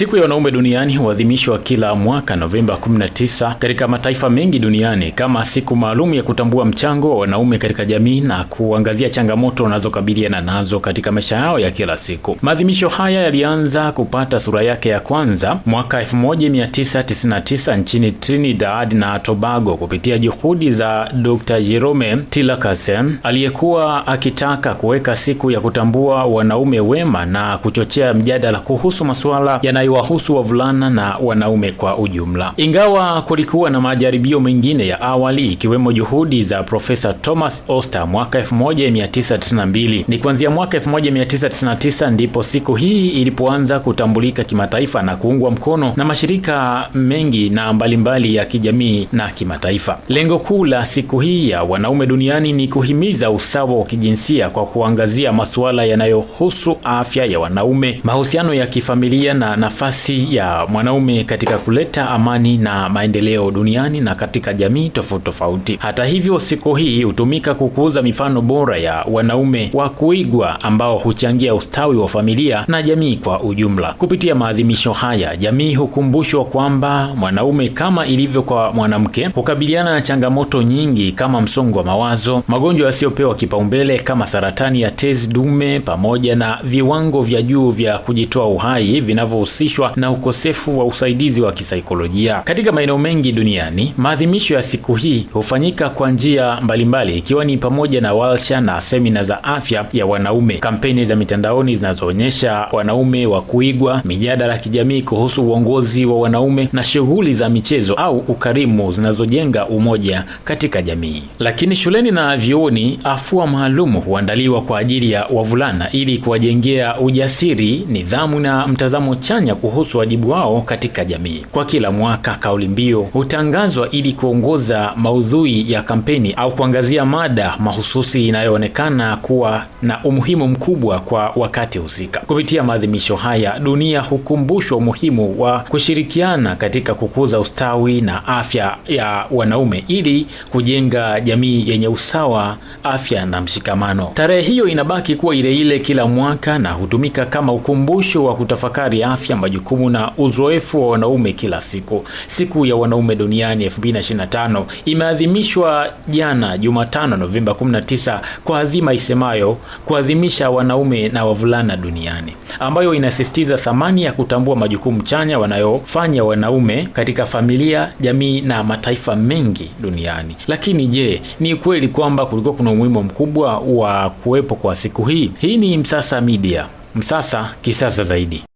Siku ya wanaume duniani huadhimishwa kila mwaka Novemba 19 katika mataifa mengi duniani kama siku maalum ya kutambua mchango wa wanaume katika jamii na kuangazia changamoto wanazokabiliana nazo katika maisha yao ya kila siku. Maadhimisho haya yalianza kupata sura yake ya kwanza mwaka 1999 nchini Trinidad na Tobago kupitia juhudi za Dr. Jerome Tilakasem aliyekuwa akitaka kuweka siku ya kutambua wanaume wema na kuchochea mjadala kuhusu masuala yanayo haiwahusu wavulana na wanaume kwa ujumla. Ingawa kulikuwa na majaribio mengine ya awali ikiwemo juhudi za Profesa Thomas Oster mwaka 1992, ni kuanzia mwaka 1999 ndipo siku hii ilipoanza kutambulika kimataifa na kuungwa mkono na mashirika mengi na mbalimbali mbali ya kijamii na kimataifa. Lengo kuu la siku hii ya wanaume duniani ni kuhimiza usawa wa kijinsia kwa kuangazia masuala yanayohusu afya ya wanaume, mahusiano ya kifamilia na nafasi nafasi ya mwanaume katika kuleta amani na maendeleo duniani na katika jamii tofauti tofauti. Hata hivyo, siku hii hutumika kukuza mifano bora ya wanaume wa kuigwa ambao huchangia ustawi wa familia na jamii kwa ujumla. Kupitia maadhimisho haya, jamii hukumbushwa kwamba mwanaume kama ilivyo kwa mwanamke hukabiliana na changamoto nyingi kama msongo wa mawazo, magonjwa yasiyopewa kipaumbele kama saratani ya tezi dume, pamoja na viwango vya juu vya kujitoa uhai vinavyo kuhusishwa na ukosefu wa usaidizi wa kisaikolojia. Katika maeneo mengi duniani, maadhimisho ya siku hii hufanyika kwa njia mbalimbali, ikiwa ni pamoja na warsha na semina za afya ya wanaume, kampeni za mitandaoni zinazoonyesha wanaume wa kuigwa, mijadala ya kijamii kuhusu uongozi wa wanaume na shughuli za michezo au ukarimu zinazojenga umoja katika jamii. Lakini shuleni na vyuoni, afua maalumu huandaliwa kwa ajili ya wavulana ili kuwajengea ujasiri, nidhamu na mtazamo chanya wanaonya kuhusu wajibu wao katika jamii. Kwa kila mwaka kauli mbiu hutangazwa ili kuongoza maudhui ya kampeni au kuangazia mada mahususi inayoonekana kuwa na umuhimu mkubwa kwa wakati husika. Kupitia maadhimisho haya, dunia hukumbushwa umuhimu wa kushirikiana katika kukuza ustawi na afya ya wanaume ili kujenga jamii yenye usawa, afya na mshikamano. Tarehe hiyo inabaki kuwa ile ile kila mwaka na hutumika kama ukumbusho wa kutafakari afya majukumu na uzoefu wa wanaume kila siku. Siku ya wanaume duniani 2025 imeadhimishwa jana Jumatano Novemba 19 kwa adhima isemayo kuadhimisha wanaume na wavulana duniani, ambayo inasisitiza thamani ya kutambua majukumu chanya wanayofanya wanaume katika familia, jamii na mataifa mengi duniani. Lakini je, ni kweli kwamba kulikuwa kuna umuhimu mkubwa wa kuwepo kwa siku hii? Hii ni Msasa Media. Msasa kisasa zaidi.